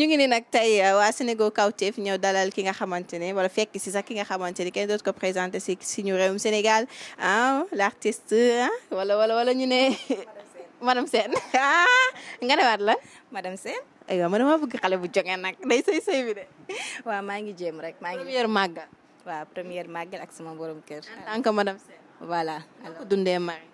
ñu ngi ni nag tey euh, waa Sénégal kawteef ñëw dalal ki nga xamante ne wala fekk si sax ki nga xamante ne kenn dootu ko présenté si suñu réewum Sénégal ah l' artiste wala wala wala ñu ne. madame Sène ah, nga ne waat la madame Sène. aywa man maa bëgg xale bu jóge nag day sëy sëy bi de. waaw maa ngi jéem rek maa ngi. première màggal. waaw première màggal ak sama borom kër. en tant que madame Sène. voilà. alors dundee Marie.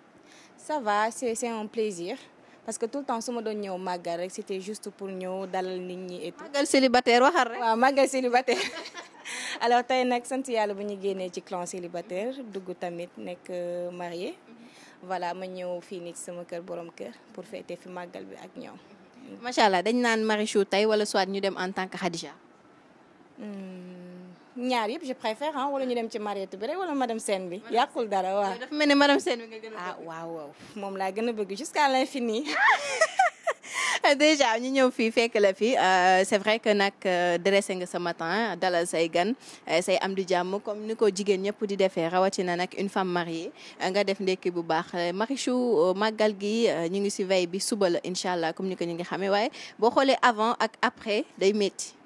ça va c'est c'est plaisir. parce que tout le temps su ma doon ñëw màggal rek c'était juste pour ñëw dalal nit ñi et tout. màggal célibataire waxal rek. waaw màggal célibataire alors tey nag sant yàlla bu ñu génnee ci clan célibataire dugg tamit nekk euh, marié mhm. voilà ma ñëw fii nii ci sama kër borom kër pour fêter fi màggal bi ak ñoom. macha allah dañ naan Marichou tey wala soit ñu dem en tant que Khadija. Hmm. ñaar yëpp je préfère ah, wala ñu dem ci Mariétou bi rek wala madame Sène bi yàqul dara waaw. dafa mel ni bi gën a ah waaw moom laa gën a bëgg jusqu'à l'infini. déjà ñu ñëw fii fekk la fii euh, c'est vrai que nag euh, dressé nga ce matin dalal say gan euh, say am di jàmm comme ni ko jigéen ñëpp di defee rawatina nag une femme mariée nga def ndekki bu baax Marichou màggal gi ñu ngi si veille bi suba la incha allah comme ni ko ñu ngi xamee waaye boo xoolee avant ak après day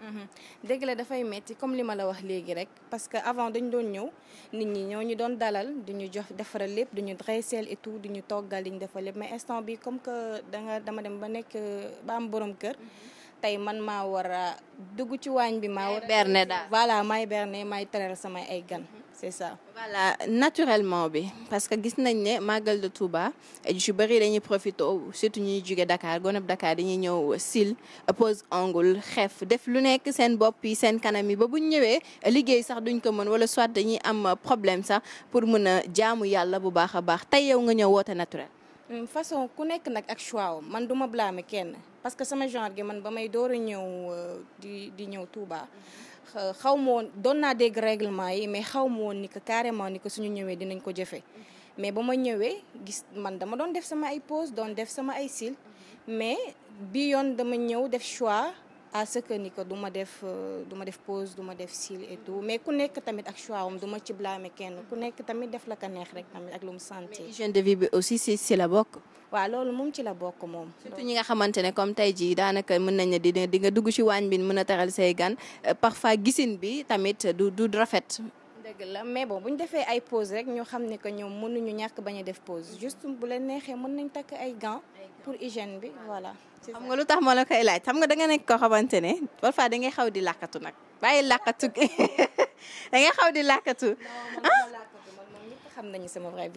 Mhm. dëgg la dafay metti comme li ma la wax léegi rek parce que avant dañu doon ñëw nit ñi ñoo ñu doon dalal du ñu jox defaral lépp du ñu dressel et tout du ñu toggal li ñu defal lépp mais instant bi comme que danga dama dem ba nekk ba am borom kër. Mhm. tey man maa war a dugg ci waañ bi. maa war a berne daal voilà maay berne may teral samay ay gan. Mhm. c'est ça voilà naturellement bi parce que gis nañ ne màggal de Touba ju bëri dañuy profité surtout ñuy jóge dakaar gonab Dakar dañuy ñëw sil pose ongle xef def lu nekk seen bopp yi seen kanam yi ba buñ ñëwee liggéey sax duñ ko mën wala soit dañuy am problème sax pour mën a jaamu yàlla bu baax a baax tey yow nga ñëw woote naturel façon ku nekk nag ak choix man duma blâmer kenn parce que sama genre gi man ba may door ñëw euh, di di ñëw Touba euh, xaw ma woon doon naa dégg règlement yi mais xaw ma woon ni que carrément ni ko suñu ñëwee dinañ ko jëfee mais ba ma ñëwee gis man dama doon def sama ay pause doon def sama ay cils mais bi yoon dama ñëw def choix à ce que ni que du ma def euh, du ma def pause du ma def cils et tout mais ku nekk tamit ak choix am du ma ci kenn ku nekk tamit def la ko neex rek tamit ak lu mu santé hygiène de vie bi aussi si si la bokk waaw loolu moom ci la bokk moom. surtout ñi nga xamante ne comme tey jii daanaka mën nañ ne di di nga dugg ci waañ bi mën a teral say gan euh, parfois gisin bi tamit du du rafet. dëgg la mais bon bu ñu defee ay pause rek ñu xam ne que ñoom mënuñu ñàkk ba a def pause juste bu leen neexee mën nañ takk ay gants pour hygiène bi voilà. xam nga lu tax moo la koy laaj xam nga da nga nekk koo xamante ne parfois da ngay xaw di làkkatu nag bàyyi làkkatu da xaw di làkkatu. ah xam nañu sama vrai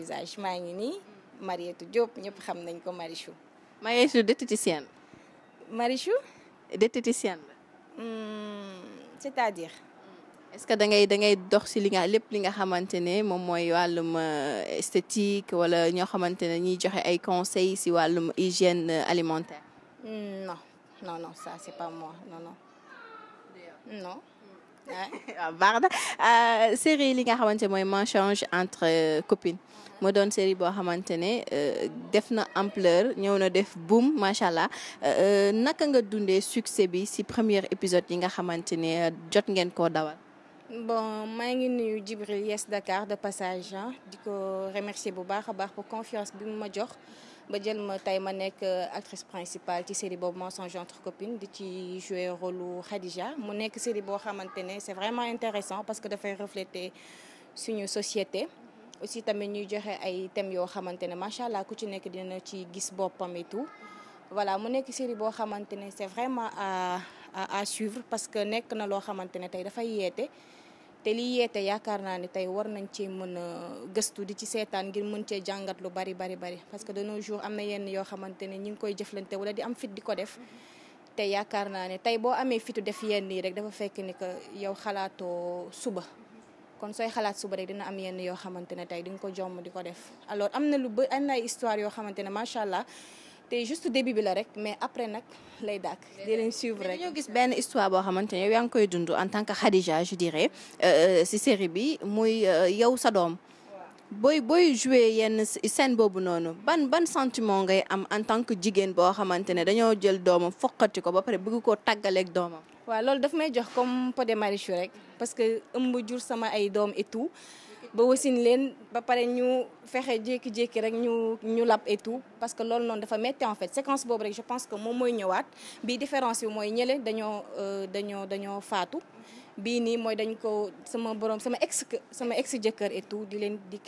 maa ngi nii. Marietou Diop ñëpp xam nañ ko Marichou. Marichou diététicienne. Marichou. diététicienne la. Hmm, c'est-à-dire. Hmm. est-ce que da ngay da ngay dox si li nga lépp li nga xamante ne moom mooy wàllum euh, esthétique wala ñoo xamante ne ñuy joxe ay conseils si wàllum hygiène euh, alimentaire. Hmm, non non non ça c'est pas moi non non. waaw baax na série li nga xamante mooy Mensonge entre copines moo doon série boo xamante ne euh, def na ampleur ñëw na def buum macha allah euh, euh, naka nga dundee succès bi si première épisode yi nga xamante ne jot ngeen ko dawal. bon maa ngi nuyu Djibril Yes Dakar de passage ah, di ko remercier bu baax a baax pour confiance bi mu ma jox. ba jël ma tey ma nekk euh, actrice principale ci série boobu Mensonges entre copines di ci jouer rôle Khadija mu nekk série boo xamante ne c'est vraiment intéressant parce que dafay refléter suñu société aussi tamit ñuy joxe ay thèmes yoo xamante ne macha allah ku ci nekk dina ci gis boppam et tout voilà mu nekk série boo xamante ne c'est vraiment à à à suivre parce que nekk na loo xamante ne tey dafay yeete te lii yeete yaakaar naa ne tey war nañ cee mën a gëstu di ci seetaan ngir mën cee jàngat lu bari bari bari parce que de nos jours am yenn yoo xamante ne ñi ngi koy jëflante wala di am fit di ko def te yaakaar naa ne tey boo amee fitu def yenn yi rek dafa fekk ni que yow xalaatoo suba kon sooy xalaat suba rek dina am yenn yoo xamante ne tey di nga ko jomm di ko def alors am na lu ba am histoire yoo xamante ne macha allah te juste début bi la rek mais après nag lay dàkk di leen suivre rek. gis benn histoire boo xamante ne yaa ngi koy dund en tant que Khadija je dirais euh, euh, si série bi muy euh, yow sa doom. booy booy joué yenn scène boobu noonu ban ban sentiment ngay am en tant que jigéen boo xamante ne dañoo jël doomam foqati ko ba pare bëgg koo tàggaleeg doomam. waaw loolu daf may jox comme pot de marichou rek parce que ëmb jur sama ay doom et ba wasin leen ba pare ñu fexe jékki-jékki rek ñu ñu lab et parce que loolu noonu dafa métti en fait séquence boobu rek je pense que moom mooy ñëwaat bii différence bi mooy ñële dañoo euh, dañoo dañoo faatu bii nii mooy dañ ko sama borom sama ex sama ex jëkkër et di leen di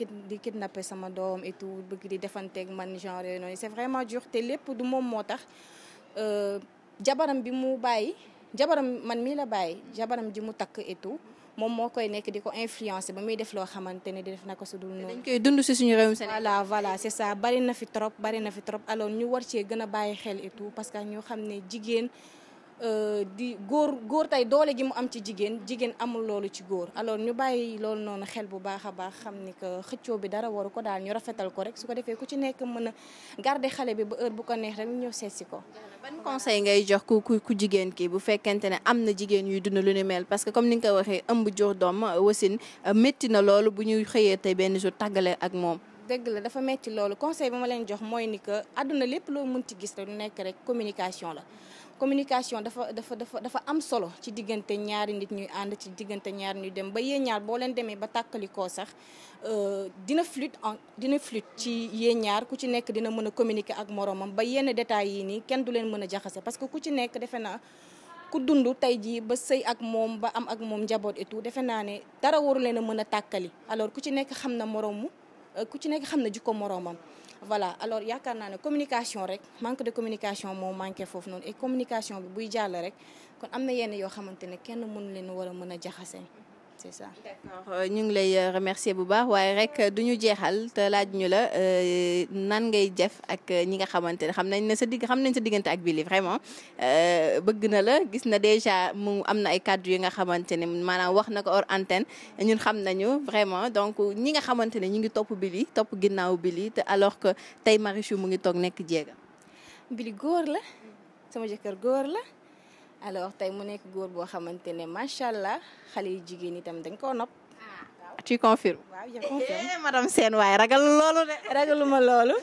di nappe sama doom et tout bëgg di defanteeg man genre yooyu noonu c'est vraiment dur te lépp du moom moo tax euh, jabaram bi mu bàyyi jabaram man mii la bàyyi jabaram ji mu takk et moom moo koy nekk di ko influencer ba muy def loo xamante ne di def na ko dul noonu. dañ koy dund si suñu réewum Sénégal. voilà voilà c'est ça bari na fi trop bari fi trop alors ñu war cee gën a bàyyi xel et tout parce que ñu xam ne jigéen. Euh, di góor góor tey doole ji mu am ci jigéen jigéen amul loolu ci góor alors ñu bàyyi loolu noonu xel bu baax a baax xam ni que xëccoo bi dara waru ko daal ñu rafetal ko rek su ko defee ku ci nekk mën a garder xale bi ba heure bu ko neex rek ñu ñëw ko. ban conseil ngay jox ku ku ku jigéen kii bu fekkente ne am na jigéen yuy dund lu ni mel parce que comme ni nga ko waxee ëmb jur doom wasin euh, métti na loolu bu ñuy xëyee tey benn jour tàggale ak moom. dëgg la dafa metti loolu conseil bi ma leen jox mooy ni que àdduna lépp loo mën ci gis rek lu nekk rek communication la communication dafa dafa dafa dafa am solo ci diggante ñaari nit ñuy ànd ci diggante ñaari ñuy dem ba yéen ñaar boo leen demee ba tàkkalikoo sax euh, dina flûte en dina flûte ci yéen ñaar ku ci nekk dina mën a communiqué ak moroomam ba yenn détails yi nii kenn du leen mën a jaxase parce que ku ci nekk defe naa ku dund tey jii ba sëy ak moom ba am ak moom njaboot et tout defe naa ne dara waru leen a mën a tàkkali alors ku ci nekk xam na moroomu euh, ku ci nekk xam na jikko moroomam voilà alors yaakaar naa ne communication rek manque de communication moo manqué foofu noonu et communication bi buy jàll rek kon am na yenn yoo xamante ne kenn mënu leen war a mën a jaxase c'est ça euh, ñu ngi lay euh, remercier bu baax waaye rek euh, du ñu jeexal te laaj ñu la nan ngay jëf ak ñi nga xamante ne xam nañ ne sa digg xam nañ sa diggante ak Billy vraiment bëgg na la gis na déjà mu am na ay kàddu yi nga xamante ne maanaam wax na ko or antenne ñun xam nañu vraiment donc ñi nga xamante ne ñu ngi topp Billy topp ginnaaw Billy te alors que tey Marichou mu ngi toog nekk jéega Billy góor la sama jëkkër góor la alors tey mu nekk góor boo xamante ne macha allah xale yu jigéen itam dañ ko nopp. Ah, tu confirmes. waaw je confirme eh, madame Sène waaye ragal loolu de. ragaluma loolu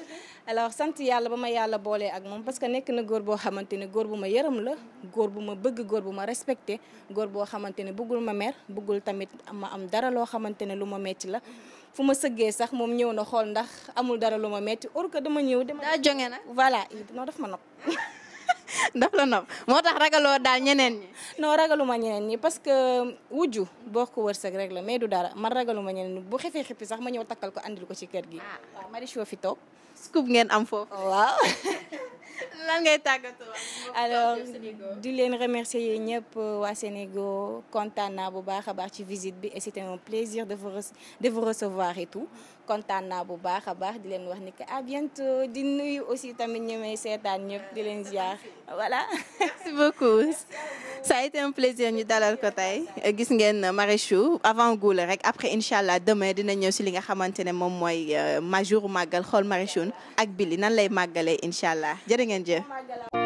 alors sant yàlla ba ma yàlla boolee ak moom parce que nekk na góor boo xamante ne góor bu ma yërëm la góor bu ma bëgg góor bu ma respecté góor boo xamante ne bëggul ma mer bëggul tamit ma am dara loo xamante ne lu ma metti la fu ma sëggee sax moom ñëw na xool ndax amul dara lu ma metti or que dama ñëw. dama daa jonge na voilà non daf ma nopp. daf la nopp moo tax ragaloo daal ñeneen ñi. non ragaluma ñeneen ñi parce que wujju boo ko wërsëg rek la mais du dara man ragaluma ñeneen ñi bu xefee xippi sax ma ñëw takkal ko andil ko ci kër gi. Ah. waaw Marichou fi toog. scoop ngeen am foofu. waaw. lan ngay tàggatoo. alors di leen remercier yéen ñëpp waa Sénégal kontaan naa bu baax a baax ci visite bi et c'était un plaisir de vous de vous recevoir et tout. kontaan naa bu baax a baax di leen wax ni que à bientôt di nuyu aussi tamit ñi may seetaan ñëpp di leen ziar voilà. merci beaucoup ça a été un plaisir ñu dalal ko tey gis ngeen Marichou avant goule rek après incha allah demain dina ñëw si li nga xamante ne moom mooy euh, majour màggal xool Marichou ak Billy nan lay màggalee incha allah jërë ngeen jëf.